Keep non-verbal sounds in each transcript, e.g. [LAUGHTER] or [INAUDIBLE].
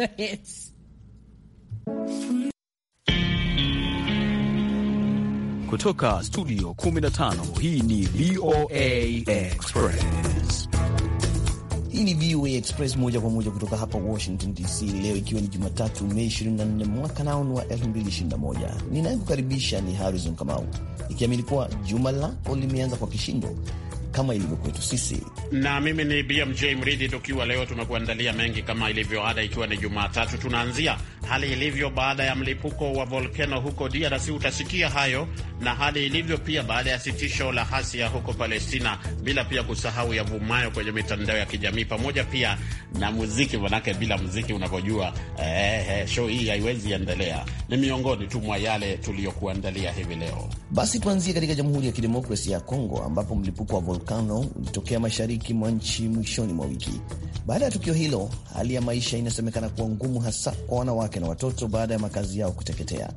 the hits. Kutoka studio 15 hii ni VOA Express. Hii ni VOA Express moja kwa moja kutoka hapa Washington DC, leo ikiwa ni Jumatatu Mei 24 mwaka naon wa 2021. Ninayekukaribisha ni Harrison Kamau, ikiamini kuwa juma lako limeanza kwa kishindo kama ilivyo kwetu sisi. Na mimi ni BMJ Mridhi, tukiwa leo tumekuandalia mengi kama ilivyo ada, ikiwa ni Jumatatu tunaanzia hali ilivyo baada ya mlipuko wa volkeno huko DRC. Utasikia hayo na hali ilivyo pia baada ya sitisho la hasia huko Palestina, bila pia kusahau yavumayo kwenye mitandao ya kijamii, pamoja pia na muziki, manake bila muziki unavyojua, eh, eh, show hii haiwezi endelea. Ni miongoni tu mwa yale tuliyokuandalia hivi leo. Basi tuanzie katika Jamhuri ya Kidemokrasia ya Kongo ambapo mlipuko wa volkano ulitokea mashariki mwa nchi mwishoni mwa wiki. Baada ya tukio hilo, hali ya maisha inasemekana kuwa ngumu, hasa kwa wanawake na watoto baada ya makazi yao kuteketea.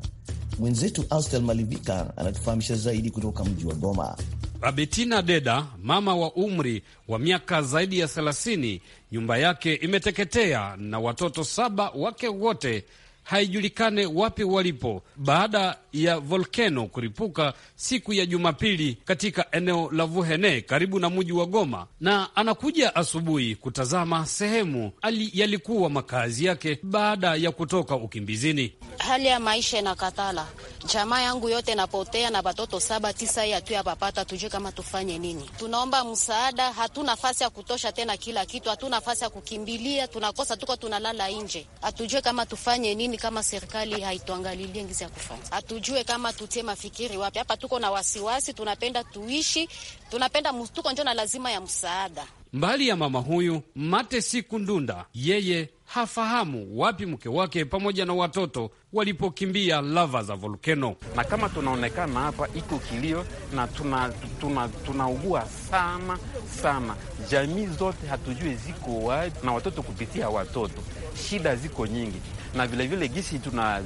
Mwenzetu Austel Malivika anatufahamisha zaidi kutoka mji wa Goma. Abetina Deda, mama wa umri wa miaka zaidi ya 30, nyumba yake imeteketea na watoto saba wake wote haijulikane wapi walipo baada ya volkeno kuripuka siku ya Jumapili katika eneo la Vuhene karibu na mji wa Goma, na anakuja asubuhi kutazama sehemu ali yalikuwa makazi yake baada ya kutoka ukimbizini. Hali ya maisha inakatala, jamaa yangu yote napotea na watoto saba tisa, hii hatu yapapata, tujue kama tufanye nini. Tunaomba msaada, hatuna nafasi ya kutosha tena, kila kitu hatuna nafasi ya kukimbilia, tunakosa, tuko tunalala nje, hatujue kama tufanye nini lakini kama serikali haituangalilie ngizi ya kufanya, hatujue kama tutie mafikiri wapi. Hapa tuko na wasiwasi, tunapenda tuishi, tunapenda tuko njo na lazima ya msaada. Mbali ya mama huyu Mate Sikundunda, yeye hafahamu wapi mke wake pamoja na watoto walipokimbia lava za volkeno. Na kama tunaonekana hapa, iko kilio na tunaugua tuna, tuna sana sana. Jamii zote hatujui ziko wapi na watoto kupitia watoto, shida ziko nyingi na vilevile gisi tuna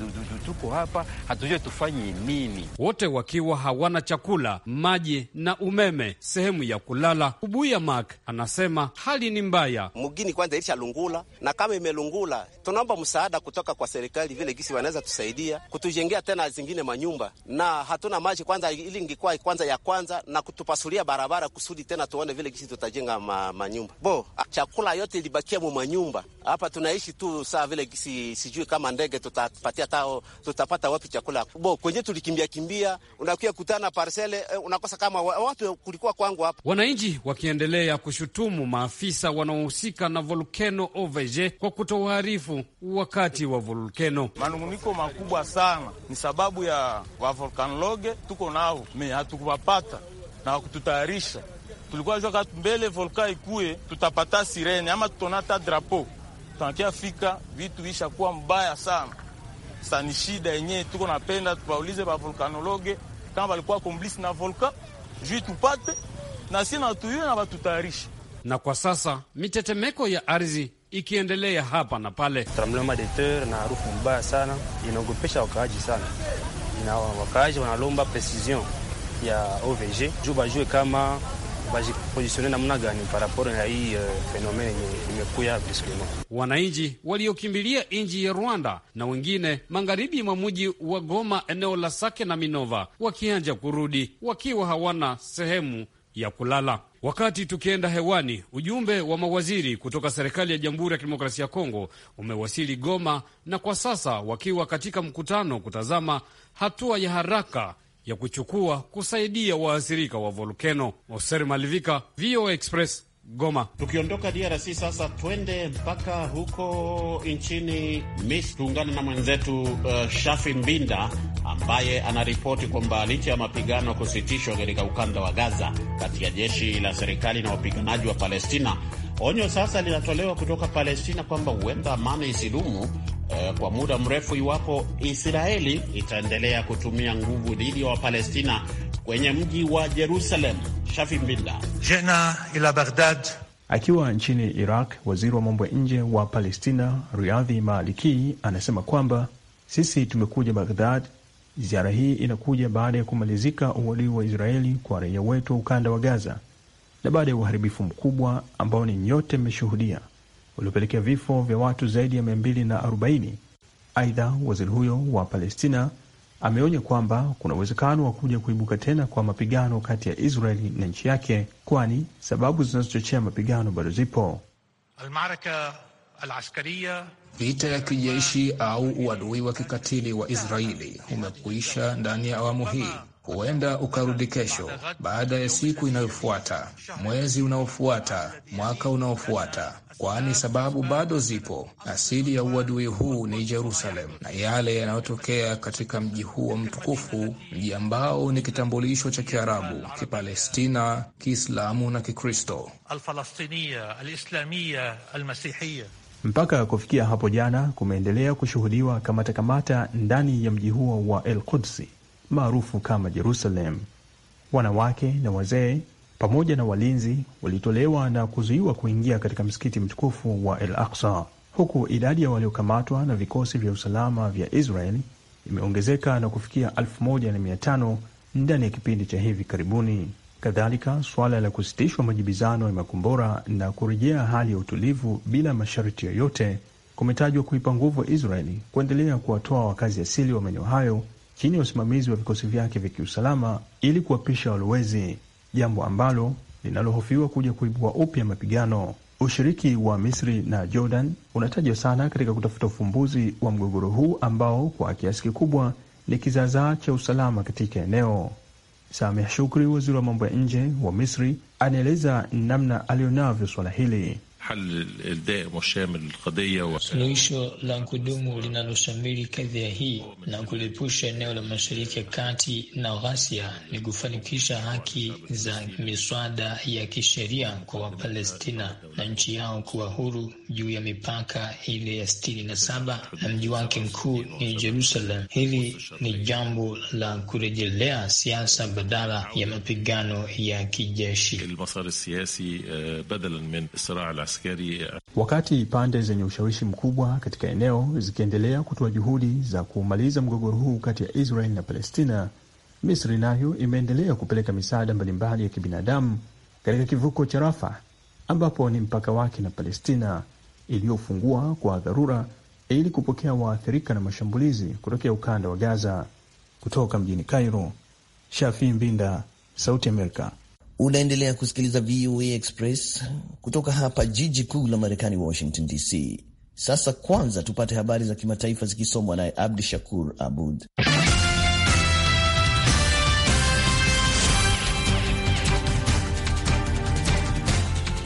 tuko hapa hatujue tufanye nini, wote wakiwa hawana chakula, maji na umeme, sehemu ya kulala. ubuya Mark anasema hali ni mbaya mugini kwanza ilishalungula na kama ime Lungula, tunaomba msaada kutoka kwa serikali, vile gisi wanaweza tusaidia kutujengea tena zingine manyumba, na hatuna maji kwanza, ili ingekuwa kwanza ya kwanza, na kutupasulia barabara kusudi tena tuone vile gisi tutajenga ma, manyumba bo. Chakula yote ilibakia mu manyumba, hapa tunaishi tu saa vile gisi, sijui kama ndege tutapatia tao, tutapata wapi chakula bo, kwenye tulikimbia kimbia, unakuya kutana parsele eh, unakosa kama watu kulikuwa kwangu hapa. Wananchi wakiendelea kushutumu maafisa wanaohusika na volcano OVG kwa kutowaarifu wakati wa volkeno. Manunguniko makubwa sana ni sababu ya wavolkanologe tuko nao, me hatukuwapata na wakututayarisha. Tulikuwa jua kati mbele volka ikuye tutapata sirene ama tutonata drapo, tunakia fika vitu kuwa mbaya sana sani. Shida yenyewe tuko napenda tuwaulize wavolkanologe kama walikuwa komblisi na volka jui tupate na sina natuiwe na watutayarisha na kwa sasa mitetemeko ya ardhi ikiendelea hapa na pale. Tremblement de terre na harufu mbaya sana, inaogopesha wakaaji sana, na wakaaji wanalomba precision ya OVG juu bajue kama bajipozisione namna gani paraporo na hii uh, fenomene imekuya absolument. Wananchi waliokimbilia nchi ya Rwanda na wengine magharibi mwa mji wa Goma, eneo la Sake na Minova, wakianja kurudi wakiwa hawana sehemu ya kulala. Wakati tukienda hewani, ujumbe wa mawaziri kutoka serikali ya Jamhuri ya Kidemokrasia ya Kongo umewasili Goma, na kwa sasa wakiwa katika mkutano kutazama hatua ya haraka ya kuchukua kusaidia waathirika wa volkeno. Oser Malivika, VOA Express. Goma. Tukiondoka DRC sasa, twende mpaka huko nchini Misri, tuungane na mwenzetu uh, Shafi Mbinda ambaye anaripoti kwamba licha ya mapigano kusitishwa katika ukanda wa Gaza kati ya jeshi la serikali na wapiganaji wa Palestina, onyo sasa linatolewa kutoka Palestina kwamba huenda amani isidumu eh, kwa muda mrefu iwapo Israeli itaendelea kutumia nguvu dhidi ya Wapalestina kwenye mji wa Jerusalem. Shafi Mbinda jena ila Baghdad. Akiwa nchini Iraq, waziri wa mambo ya nje wa Palestina Riadhi Maliki anasema kwamba sisi tumekuja Baghdad. Ziara hii inakuja baada ya kumalizika uadui wa Israeli kwa raia wetu wa ukanda wa Gaza na baada ya uharibifu mkubwa ambao ni nyote mmeshuhudia uliopelekea vifo vya watu zaidi ya 240. Aidha, waziri huyo wa Palestina ameonya kwamba kuna uwezekano wa kuja kuibuka tena kwa mapigano kati ya Israeli na nchi yake, kwani sababu zinazochochea mapigano bado zipo. Vita ya kijeshi au uadui wa kikatili wa Israeli umekuisha ndani ya awamu hii, huenda ukarudi kesho, baada ya siku inayofuata, mwezi unaofuata, mwaka unaofuata kwani sababu bado zipo. Asili ya uadui huu ni Jerusalem na yale yanayotokea katika mji huo mtukufu, mji ambao ni kitambulisho cha Kiarabu, Kipalestina, Kiislamu na Kikristo. Mpaka kufikia hapo jana kumeendelea kushuhudiwa kamatakamata ndani ya mji huo wa El Kudsi maarufu kama Jerusalem. Wanawake na wazee pamoja na walinzi walitolewa na kuzuiwa kuingia katika msikiti mtukufu wa El Aksa, huku idadi ya waliokamatwa na vikosi vya usalama vya israel imeongezeka na kufikia 1500 ndani ya kipindi cha hivi karibuni. Kadhalika, suala la kusitishwa majibizano ya makombora na kurejea hali ya utulivu bila masharti yoyote kumetajwa kuipa nguvu Israeli kuendelea kuwatoa wakazi asili wa maeneo hayo chini ya usimamizi wa vikosi vyake vya kiusalama ili kuwapisha walowezi jambo ambalo linalohofiwa kuja kuibua upya mapigano. Ushiriki wa Misri na Jordan unatajwa sana katika kutafuta ufumbuzi wa mgogoro huu ambao kwa kiasi kikubwa ni kizaazaa cha usalama katika eneo. Samia Shukri, waziri wa mambo ya nje wa Misri, anaeleza namna alionavyo suala hili. حل الدائم والشامل للقضية و... suluhisho la kudumu linaloshamiri kadhia hii na kuliepusha eneo la Mashariki ya Kati na ghasia ni kufanikisha haki za miswada ya kisheria kwa Wapalestina na nchi yao kuwa huru juu ya mipaka ile ya sitini na saba na mji wake mkuu ni Jerusalem. Hili ni jambo la kurejelea siasa badala ya mapigano ya kijeshi askari. Wakati pande zenye ushawishi mkubwa katika eneo zikiendelea kutoa juhudi za kumaliza mgogoro huu kati ya Israel na Palestina, Misri nayo imeendelea kupeleka misaada mbalimbali ya kibinadamu katika kivuko cha Rafa ambapo ni mpaka wake na Palestina iliyofungua kwa dharura ili kupokea waathirika na mashambulizi kutokea ukanda wa Gaza. Kutoka mjini Cairo, Shafi Mbinda, Sauti Amerika. Unaendelea kusikiliza VOA Express kutoka hapa jiji kuu la Marekani, Washington DC. Sasa kwanza tupate habari za kimataifa zikisomwa naye Abdu Shakur Abud.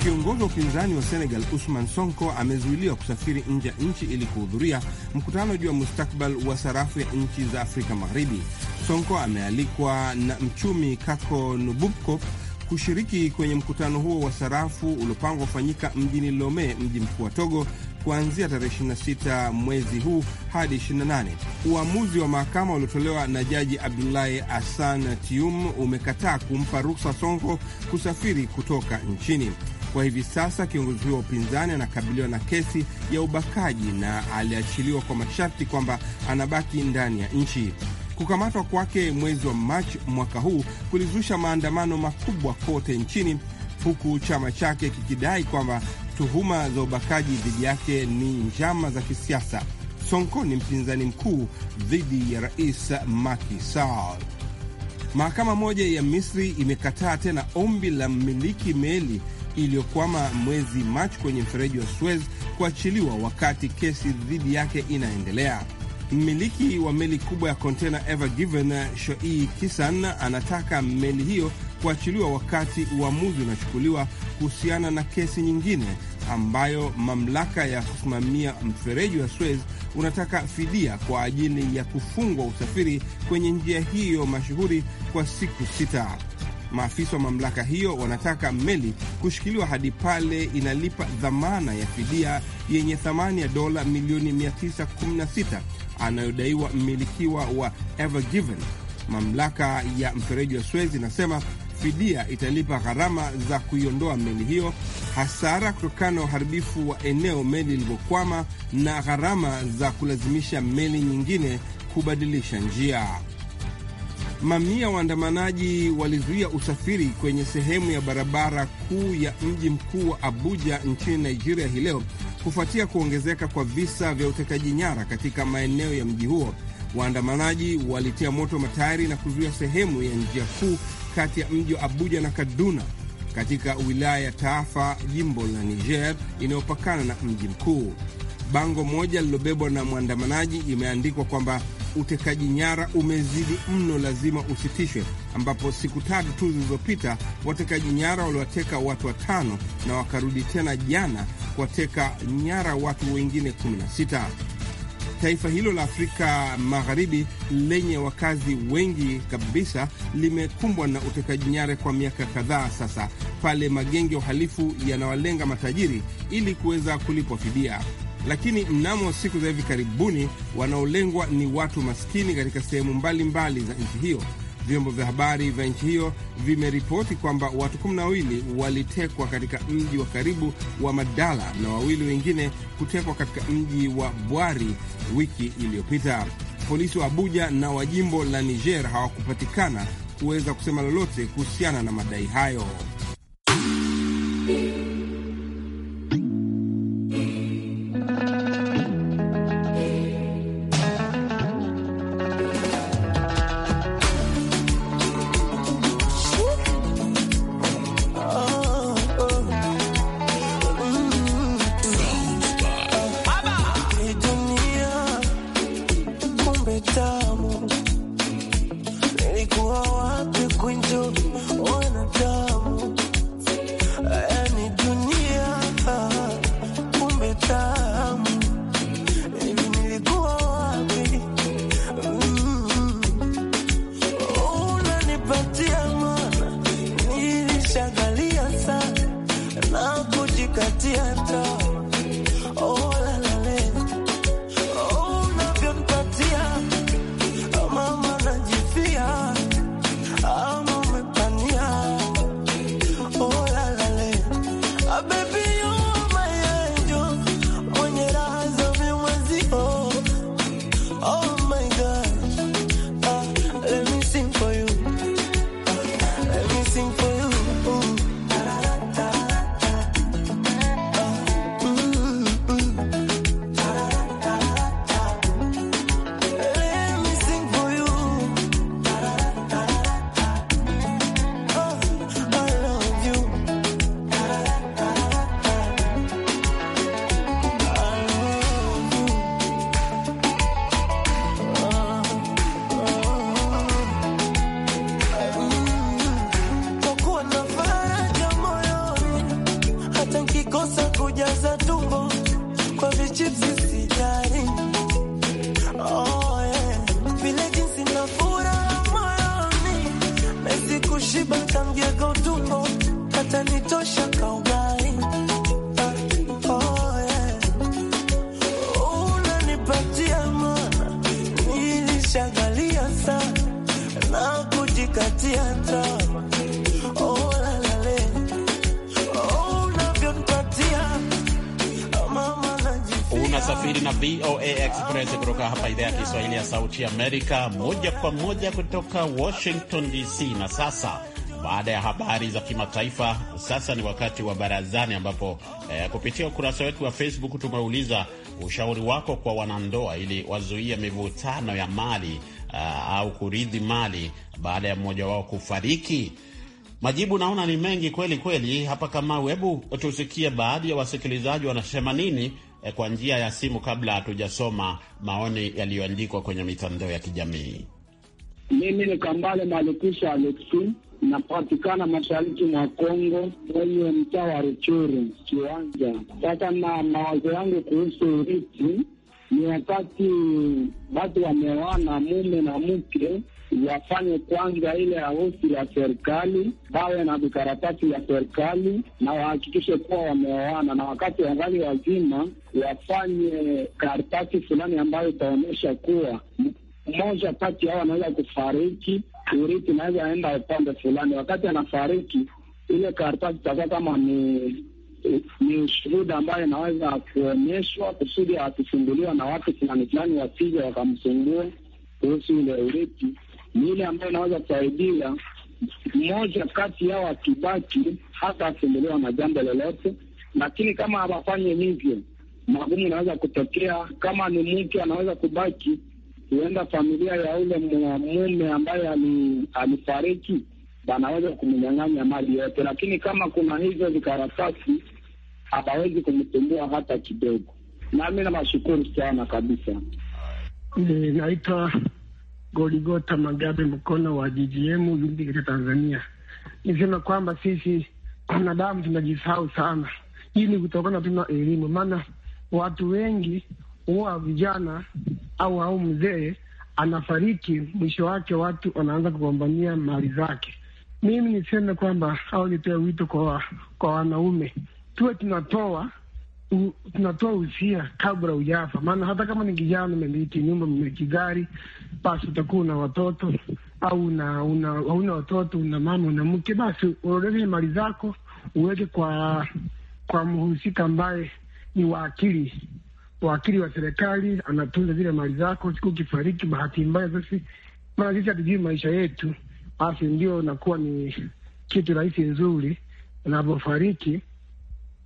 Kiongozi wa upinzani wa Senegal Usman Sonko amezuiliwa kusafiri nje ya nchi ili kuhudhuria mkutano juu ya mustakbal wa sarafu ya nchi za Afrika Magharibi. Sonko amealikwa na mchumi Kako Nubukop kushiriki kwenye mkutano huo wa sarafu uliopangwa kufanyika mjini Lome, mji mkuu wa Togo, kuanzia tarehe 26 mwezi huu hadi 28. Uamuzi wa mahakama uliotolewa na jaji Abdulahi Hassan Tium umekataa kumpa ruksa songo kusafiri kutoka nchini. Kwa hivi sasa kiongozi huyo wa upinzani anakabiliwa na kesi ya ubakaji na aliachiliwa kwa masharti kwamba anabaki ndani ya nchi. Kukamatwa kwake mwezi wa Machi mwaka huu kulizusha maandamano makubwa kote nchini, huku chama chake kikidai kwamba tuhuma za ubakaji dhidi yake ni njama za kisiasa. Sonko ni mpinzani mkuu dhidi ya rais Macky Sall. Mahakama moja ya Misri imekataa tena ombi la mmiliki meli iliyokwama mwezi Machi kwenye mfereji wa Suez kuachiliwa wakati kesi dhidi yake inaendelea. Mmiliki wa meli kubwa ya kontena Ever Given, Shoi Kisan, anataka meli hiyo kuachiliwa wakati uamuzi unachukuliwa kuhusiana na kesi nyingine ambayo mamlaka ya kusimamia mfereji wa Suez unataka fidia kwa ajili ya kufungwa usafiri kwenye njia hiyo mashuhuri kwa siku sita. Maafisa wa mamlaka hiyo wanataka meli kushikiliwa hadi pale inalipa dhamana ya fidia yenye thamani ya dola milioni 916 anayodaiwa mmilikiwa wa Evergiven. Mamlaka ya mfereji wa Suez inasema fidia italipa gharama za kuiondoa meli hiyo, hasara kutokana na uharibifu wa eneo meli ilivyokwama, na gharama za kulazimisha meli nyingine kubadilisha njia. Mamia waandamanaji walizuia usafiri kwenye sehemu ya barabara kuu ya mji mkuu wa Abuja nchini Nigeria hii leo kufuatia kuongezeka kwa visa vya utekaji nyara katika maeneo ya mji huo. Waandamanaji walitia moto matayari na kuzuia sehemu ya njia kuu kati ya mji wa Abuja na Kaduna katika wilaya ya Taafa, jimbo la Niger inayopakana na mji mkuu. Bango moja lililobebwa na mwandamanaji imeandikwa kwamba utekaji nyara umezidi mno, lazima usitishwe, ambapo siku tatu tu zilizopita watekaji nyara waliwateka watu watano na wakarudi tena jana kuwateka nyara watu wengine 16. Taifa hilo la Afrika Magharibi lenye wakazi wengi kabisa limekumbwa na utekaji nyara kwa miaka kadhaa sasa, pale magenge ya uhalifu yanawalenga matajiri ili kuweza kulipwa fidia lakini mnamo siku za hivi karibuni wanaolengwa ni watu maskini katika sehemu mbalimbali za nchi hiyo. Vyombo vya habari vya nchi hiyo vimeripoti kwamba watu kumi na wawili walitekwa katika mji wa karibu wa Madala na wawili wengine kutekwa katika mji wa Bwari wiki iliyopita. Polisi wa Abuja na wa jimbo la Niger hawakupatikana kuweza kusema lolote kuhusiana na madai hayo. safiri oh, na VOA oh, oh, Express kutoka hapa idhaa ya Kiswahili ya Sauti Amerika, moja kwa moja kutoka Washington DC. Na sasa baada ya habari za kimataifa, sasa ni wakati wa barazani, ambapo eh, kupitia ukurasa wetu wa Facebook tumeuliza ushauri wako kwa wanandoa ili wazuie mivutano ya mali uh, au kurithi mali baada ya mmoja wao kufariki. Majibu naona ni mengi kweli kweli hapa. Kama hebu tusikie baadhi ya wasikilizaji wanasema nini eh, kwa njia ya simu, kabla hatujasoma maoni yaliyoandikwa kwenye mitandao ya kijamii. Mimi ni Kambale Malikisha Alexi napatikana mashariki mwa Kongo kwenye mtaa wa Ruchuru kiwanja. Sasa na mawazo yangu kuhusu urithi ni wakati watu wamewana mume na mke wafanye kwanza ile harusi ya serikali, bawe na vikaratasi ya serikali na wahakikishe kuwa wameoana, na wakati wangali wazima wafanye karatasi fulani ambayo itaonyesha kuwa mmoja kati yao anaweza kufariki urithi naweza enda upande fulani, wakati anafariki ile karatasi itakuwa kama ni ni ushuhuda ambayo inaweza kuonyeshwa kusudi akisumbuliwa na watu fulani fulani, wasija wakamsumbua kuhusu ile urithi. Ni ile ambayo inaweza kusaidia mmoja kati yao akibaki hata asumbuliwa na jambo lolote, lakini kama hawafanye hivyo, magumu inaweza kutokea. Kama ni mke anaweza kubaki huenda familia ya ule mume ambaye alifariki wanaweza kumnyang'anya mali yote, lakini kama kuna hizo vikaratasi hawawezi kumtumbua hata kidogo. Nami nawashukuru sana kabisa. ninaitwa Goligota Magabe Mkono wa GGM katika Tanzania. Nisema kwamba sisi wanadamu tunajisahau sana. Hii ni kutokana tuna elimu, maana watu wengi huwa vijana au au mzee anafariki, mwisho wake watu wanaanza kugombania mali zake. Mimi niseme kwamba au nitoe wito kwa, kwa wanaume tuwe tunatoa tunatoa usia kabla ujafa, maana hata kama ni kijana umemiliki nyumba, umemiliki gari, basi utakuwa una watoto au una, una, watoto una mama una mke, basi uorodheshe mali zako uweke kwa kwa mhusika ambaye ni wa akili wakili wa serikali anatunza zile mali zako. Siku ukifariki bahati mbaya, basi maana sisi hatujui maisha yetu, basi ndio nakuwa ni kitu rahisi nzuri. Unavyofariki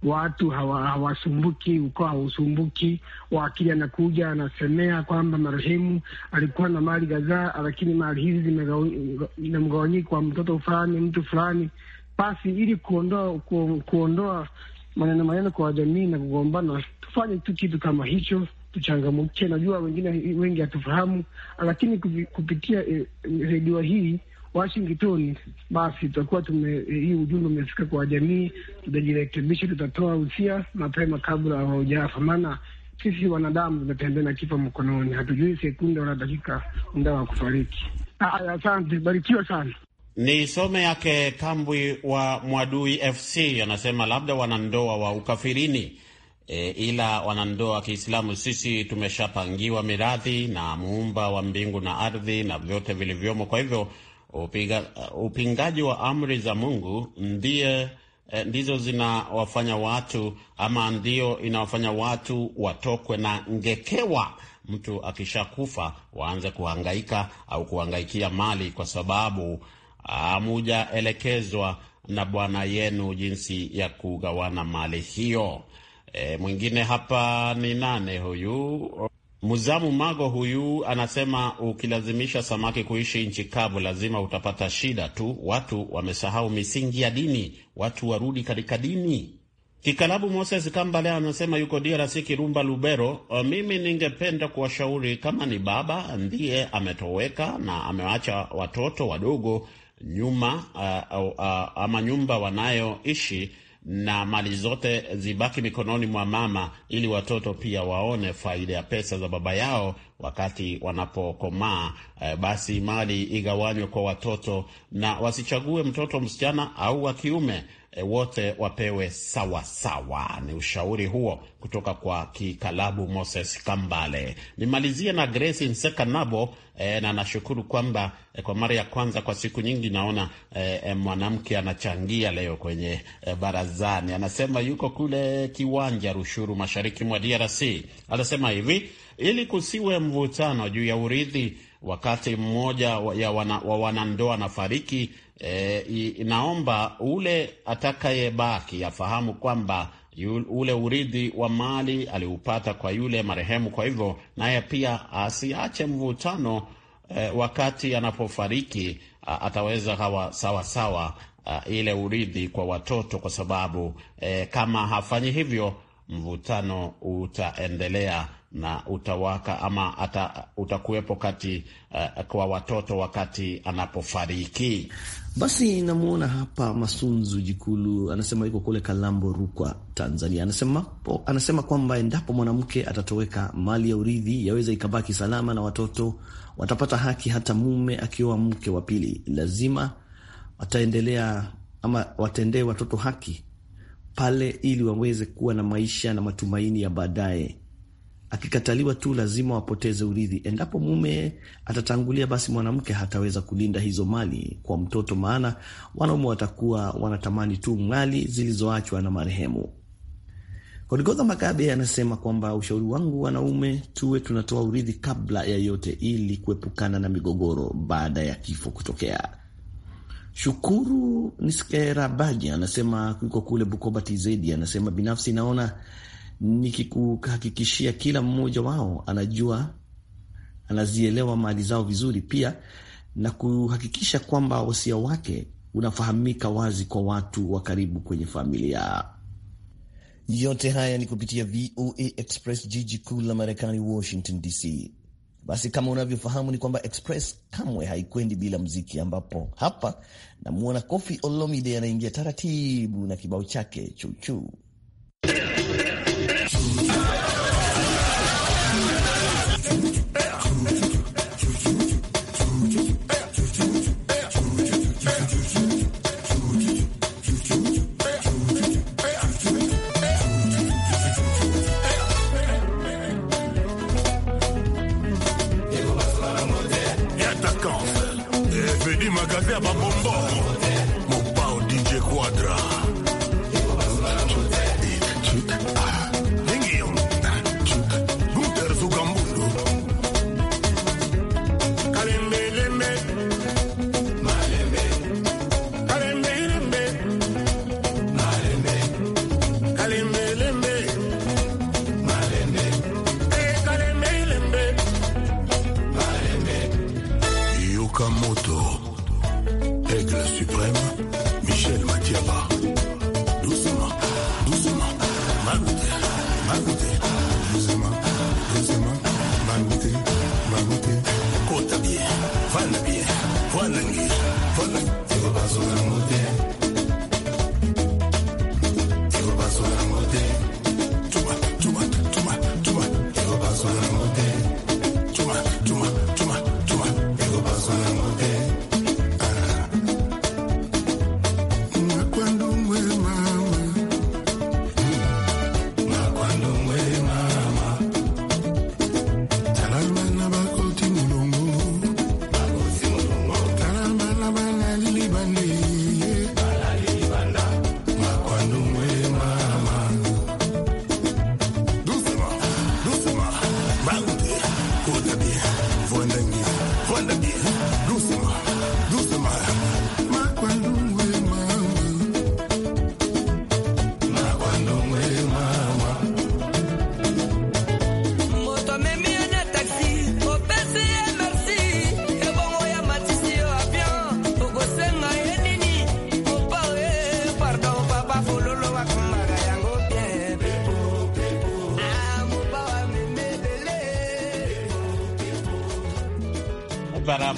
watu hawasumbuki, hawa ukoo hausumbuki. Wakili anakuja anasemea kwamba marehemu alikuwa na mali kadhaa, lakini mali hizi zimemgawanyika kwa mtoto fulani, mtu fulani. Basi ili kuondoa ku, kuondoa maneno maneno kwa jamii na kugombana tufanye tu kitu kama hicho, tuchangamke. Najua wengine wengi hatufahamu, lakini kupitia eh, redio hii Washington, basi tutakuwa tume, eh, hii ujumbe umefika kwa jamii, tutajirekebisha, tutatoa usia mapema kabla haujafa, maana sisi wanadamu tunatembea na kifo mkononi, hatujui sekunde wala dakika muda wa kufariki. Asante, barikiwa sana. Ni some yake Kambwi wa Mwadui FC anasema labda wanandoa wa ukafirini E, ila wanandoa wa Kiislamu sisi tumeshapangiwa miradhi na muumba wa mbingu na ardhi na vyote vilivyomo. Kwa hivyo upinga, upingaji wa amri za Mungu ndiye e, ndizo zinawafanya watu ama ndio inawafanya watu watokwe na ngekewa. Mtu akishakufa waanze kuhangaika au kuhangaikia mali kwa sababu hamujaelekezwa na Bwana yenu jinsi ya kugawana mali hiyo. E, mwingine hapa ni nane huyu Muzamu Mago huyu anasema ukilazimisha samaki kuishi nchi kavu lazima utapata shida tu. Watu wamesahau misingi ya dini, watu warudi katika dini. Kikalabu Moses Kambale anasema yuko DRC, Kirumba, Lubero. Mimi ningependa kuwashauri kama ni baba ndiye ametoweka na amewacha watoto wadogo nyuma, uh, uh, uh, ama nyumba wanayoishi na mali zote zibaki mikononi mwa mama, ili watoto pia waone faida ya pesa za baba yao wakati wanapokomaa. E, basi mali igawanywe kwa watoto na wasichague mtoto msichana au wa kiume e, wote wapewe sawa sawa. Ni ushauri huo kutoka kwa kikalabu Moses Kambale. Nimalizie na Grace Nseka Nabo. e, na nashukuru kwamba e, kwa mara ya kwanza kwa siku nyingi naona e, e, mwanamke anachangia leo kwenye e, barazani. Anasema yuko kule Kiwanja Rushuru, mashariki mwa DRC. Anasema hivi ili kusiwe mvutano juu ya urithi wakati mmoja wa, wanandoa wana, wa fariki e, inaomba ule atakayebaki afahamu kwamba ule urithi wa mali aliupata kwa yule marehemu, kwa hivyo naye pia asiache mvutano e, wakati anapofariki ataweza hawa sawa sawa, ile urithi kwa watoto, kwa sababu e, kama hafanyi hivyo mvutano utaendelea na utawaka ama ata, utakuwepo kati uh, kwa watoto wakati anapofariki. Basi namwona hapa Masunzu Jikulu anasema yuko kule Kalambo, Rukwa, Tanzania. Anasema po, anasema kwamba endapo mwanamke atatoweka, mali ya urithi yaweza ikabaki salama na watoto watapata haki, hata mume akioa mke wa pili lazima wataendelea ama watendee watoto haki pale, ili waweze kuwa na maisha na matumaini ya baadaye akikataliwa tu lazima wapoteze urithi. Endapo mume atatangulia, basi mwanamke hataweza kulinda hizo mali kwa mtoto, maana wanaume watakuwa wanatamani tu mali zilizoachwa na marehemu. Korigodha Magabe anasema kwamba ushauri wangu wanaume, tuwe tunatoa urithi kabla ya yote, ili kuepukana na migogoro baada ya kifo kutokea. Shukuru Niskerabaji anasema kuliko kule Bukoba TZ, anasema binafsi naona nikikuhakikishia kila mmoja wao anajua, anazielewa mali zao vizuri, pia na kuhakikisha kwamba wasia wake unafahamika wazi kwa watu wa karibu kwenye familia. Yote haya ni kupitia VOA Express, jiji kuu la Marekani, Washington DC. Basi kama unavyofahamu ni kwamba Express kamwe haikwendi bila mziki, ambapo hapa namwona Kofi Olomide anaingia taratibu na kibao chake chuchuu Música então Fun, fun, fun, fun,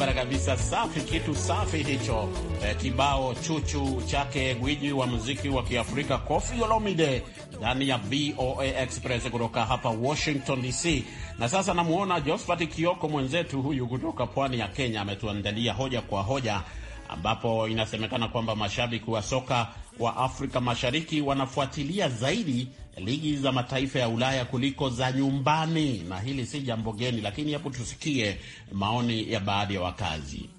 barabara kabisa, safi, kitu safi hicho. E, kibao chuchu chake gwiji wa muziki wa Kiafrika Kofi Olomide ndani ya VOA Express kutoka hapa Washington DC. Na sasa namuona Josphat Kioko mwenzetu huyu kutoka pwani ya Kenya ametuandalia hoja kwa hoja, ambapo inasemekana kwamba mashabiki wa soka wa Afrika Mashariki wanafuatilia zaidi ligi za mataifa ya Ulaya kuliko za nyumbani, na hili si jambo geni, lakini hapo tusikie maoni ya baadhi ya wakazi.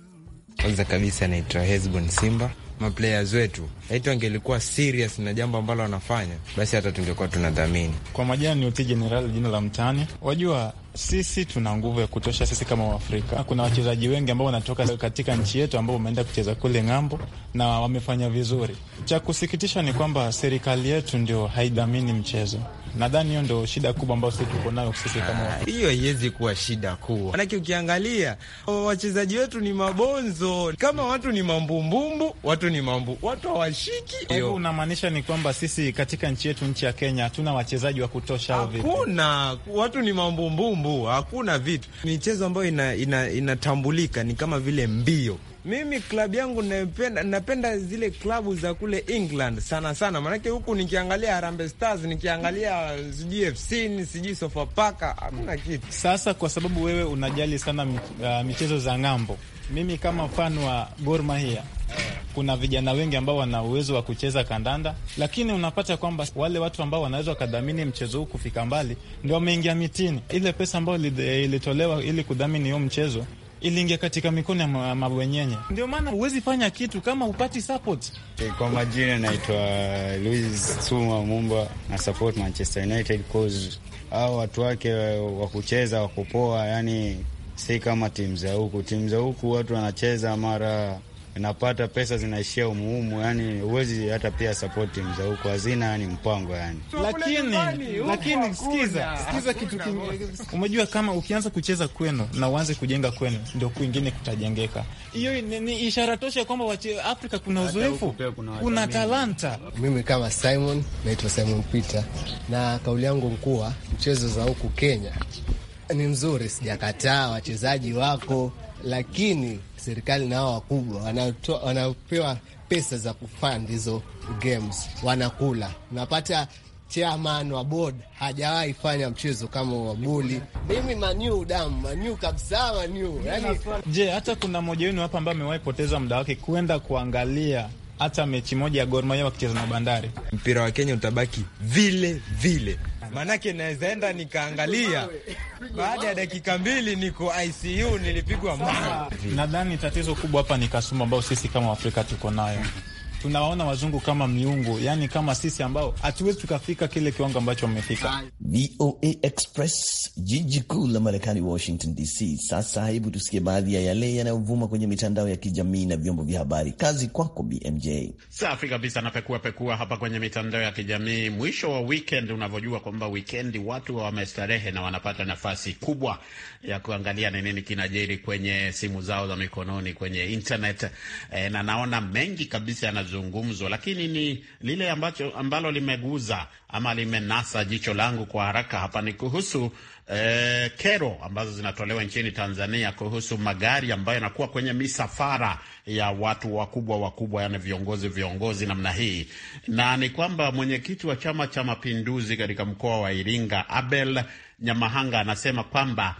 Kwanza kabisa naitwa Hezbon Simba maplayers wetu. Laiti wangelikuwa serious na jambo ambalo wanafanya, basi hata tungekuwa tunadhamini. Kwa majina ni Uti Jenerali, jina la mtaani. Wajua sisi tuna nguvu ya kutosha. Sisi kama Waafrika kuna wachezaji wengi ambao wanatoka katika nchi yetu ambao wameenda kucheza kule ng'ambo na wamefanya vizuri. Cha kusikitisha ni kwamba serikali yetu ndio haidhamini mchezo. Nadhani hiyo ndo shida kubwa ambayo sisi tuko nayo sisi kama. Ah, hiyo haiwezi kuwa shida kubwa, manake ukiangalia wachezaji wetu ni mabonzo, kama watu ni mambumbumbu, watu ni mambu, watu hawashiki. Unamaanisha ni kwamba sisi katika nchi yetu, nchi ya Kenya, hatuna wachezaji wa kutosha? Hakuna, watu ni mambumbumbu, hakuna vitu. Michezo ambayo inatambulika ina, ina ni kama vile mbio mimi klabu yangu napenda, napenda zile klabu za kule England sana sana, maanake huku nikiangalia Harambee Stars, nikiangalia sijui FC sijui Sofapaka, hakuna kitu. Sasa kwa sababu wewe unajali sana uh, michezo za ng'ambo, mimi kama mfano wa Gor Mahia kuna vijana wengi ambao wana uwezo wa kucheza kandanda, lakini unapata kwamba wale watu ambao wanaweza wakadhamini mchezo huu kufika mbali ndio wameingia mitini. Ile pesa ambayo eh, ilitolewa ili kudhamini hiyo mchezo iliingia katika mikono ya mabwenyenye. Ndio maana huwezi fanya kitu kama upati support. Kwa majina naitwa louis Suma Mumba na support Manchester United cause au watu wake wa kucheza wakupoa, yani si kama timu za huku. Timu za huku watu wanacheza mara unapata pesa zinaishia humuhumu, yani huwezi hata pia sapoti mza huko hazina, yani mpango yani. Lakini lakini sikiza, sikiza kitu kingine, umejua kama ukianza kucheza kwenu na uanze kujenga kwenu, ndio kwingine kutajengeka. Hiyo ni ishara tosha kwamba Afrika kuna uzoefu, kuna talanta. Mimi kama Simon, naitwa Simon Peter, na kauli yangu mkuu, mchezo za huku Kenya ni mzuri, sijakataa, wachezaji wako lakini serikali na wakubwa wanapewa pesa za kufund hizo games, wanakula. Unapata chairman wa board hajawahi fanya mchezo kama waboli. Mimi manyu damu manyu kabisa manyu yani. Je, hata kuna mmoja wenu hapa ambaye amewahi poteza muda wake kwenda kuangalia hata mechi moja ya Gor Mahia wakicheza na Bandari? Mpira wa Kenya utabaki vile vile maanake nawezaenda nikaangalia, baada ya dakika mbili niko ICU, nilipigwa mawe. Nadhani tatizo kubwa hapa ni kasumba ambayo sisi kama Afrika tuko nayo tunawaona wazungu kama miungu, yani kama sisi ambao hatuwezi tukafika kile kiwango ambacho wamefika. VOA Express, jiji kuu la Marekani, Washington DC. Sasa hebu tusikie baadhi ya yale yanayovuma kwenye mitandao ya kijamii na vyombo vya habari. Kazi kwako BMJ. Safi kabisa, napekua pekua hapa kwenye mitandao ya kijamii. Mwisho wa weekend, unavyojua kwamba wikendi watu wamestarehe na wanapata nafasi kubwa ya kuangalia ni nini kinajiri kwenye simu zao za mikononi, kwenye internet. E, na naona mengi kabisa yana mazungumzo, lakini ni lile ambacho ambalo limeguza ama limenasa jicho langu kwa haraka hapa ni kuhusu eh, kero ambazo zinatolewa nchini Tanzania kuhusu magari ambayo yanakuwa kwenye misafara ya watu wakubwa wakubwa, yani viongozi viongozi namna hii, na ni kwamba mwenyekiti wa Chama cha Mapinduzi katika mkoa wa Iringa Abel Nyamahanga anasema kwamba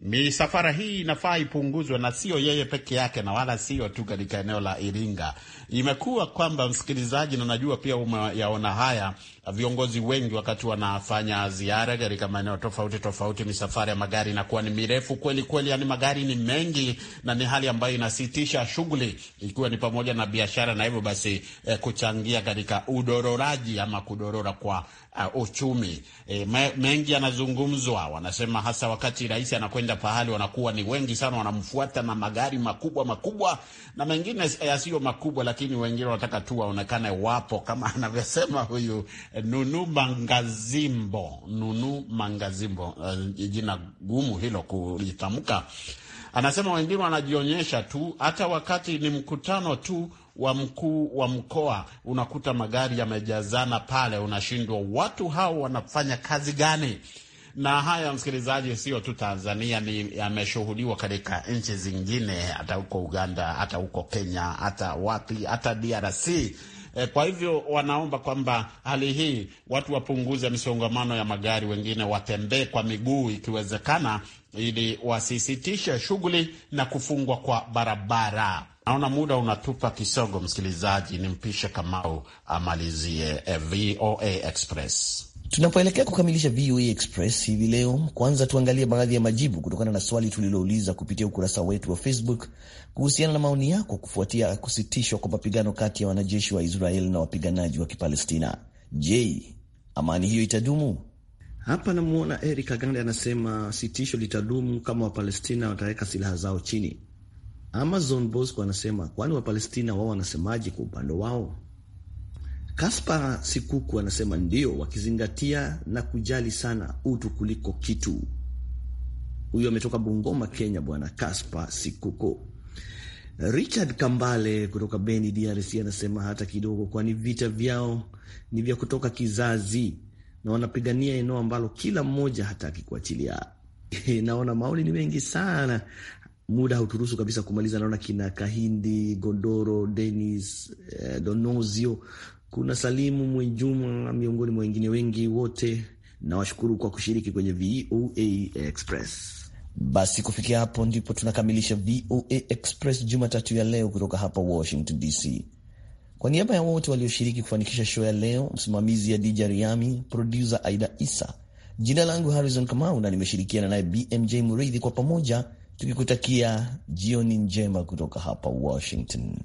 Misafara hii inafaa ipunguzwe, na sio yeye peke yake, na wala sio tu katika eneo la Iringa. Imekuwa kwamba msikilizaji, na najua pia umeyaona haya viongozi wengi wakati wanafanya ziara katika maeneo tofauti tofauti, misafara ya magari inakuwa ni mirefu kweli kweli, yani magari ni mengi, na ni hali ambayo inasitisha shughuli, ikiwa ni pamoja na biashara, na hivyo basi eh, kuchangia katika udororaji ama kudorora kwa uh, uchumi. eh, me, mengi yanazungumzwa, wanasema hasa wakati rais anakwenda pahali, wanakuwa ni wengi sana, wanamfuata na magari makubwa makubwa na mengine yasiyo makubwa, lakini wengine wanataka tu waonekane wapo, kama [LAUGHS] anavyosema huyu Nunu Mangazimbo, Nunu Mangazimbo, uh, jina gumu hilo kulitamka. Anasema wengine wanajionyesha tu, hata wakati ni mkutano tu wa mkuu wa mkoa unakuta magari yamejazana pale, unashindwa watu hao wanafanya kazi gani? Na haya msikilizaji, sio tu Tanzania, ni yameshuhudiwa katika nchi zingine, hata huko Uganda, hata huko Kenya, hata wapi, hata DRC Eh, kwa hivyo wanaomba kwamba hali hii watu wapunguze misongamano ya magari, wengine watembee kwa miguu ikiwezekana, ili wasisitishe shughuli na kufungwa kwa barabara. Naona muda unatupa kisogo, msikilizaji, nimpishe Kamau amalizie eh, VOA Express. Tunapoelekea kukamilisha VOA Express hivi leo, kwanza tuangalie baadhi ya majibu kutokana na swali tulilouliza kupitia ukurasa wetu wa Facebook kuhusiana na maoni yako kufuatia kusitishwa kwa mapigano kati ya wanajeshi wa israel na wapiganaji wa Kipalestina. Je, amani hiyo itadumu? Hapa namwona Eric Agande anasema sitisho litadumu kama Wapalestina wataweka silaha zao chini. Amazon Bosco anasema kwani Wapalestina wao wanasemaje kwa upande wao? Kaspar Sikuku anasema ndio, wakizingatia na kujali sana utu kuliko kitu. Huyo ametoka Bungoma, Kenya, bwana Kaspar Sikuku. Richard Kambale kutoka Beni, DRC anasema hata kidogo, kwani vita vyao ni vya kutoka kizazi na wanapigania eneo ambalo kila mmoja hataki kuachilia. [LAUGHS] Naona maoni ni mengi sana, muda hauturuhusu kabisa kumaliza. Naona kina Kahindi Godoro, Denis eh, Donozio kuna Salimu Mwenjuma miongoni mwa wengine wengi. Wote nawashukuru kwa kushiriki kwenye VOA Express. Basi kufikia hapo ndipo tunakamilisha VOA Express Jumatatu ya leo kutoka hapa Washington DC. Kwa niaba ya wote walioshiriki kufanikisha show ya leo, msimamizi ya Dija Riami, produsa Aida Isa, jina langu Harrison Kamau na nimeshirikiana naye BMJ Muridhi, kwa pamoja tukikutakia jioni njema kutoka hapa Washington.